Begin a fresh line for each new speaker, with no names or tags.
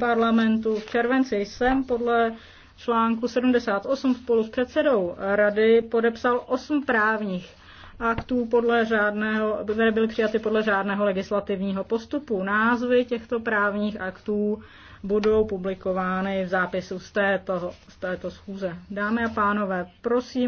parlamentu v červenci jsem podle článku 78 spolu s předsedou rady podepsal osm právních aktů, podle řádného, které byly přijaty podle řádného legislativního postupu. Názvy těchto právních aktů budou publikovány v zápisu z této, z této schůze.
Dámy a pánové,
prosím,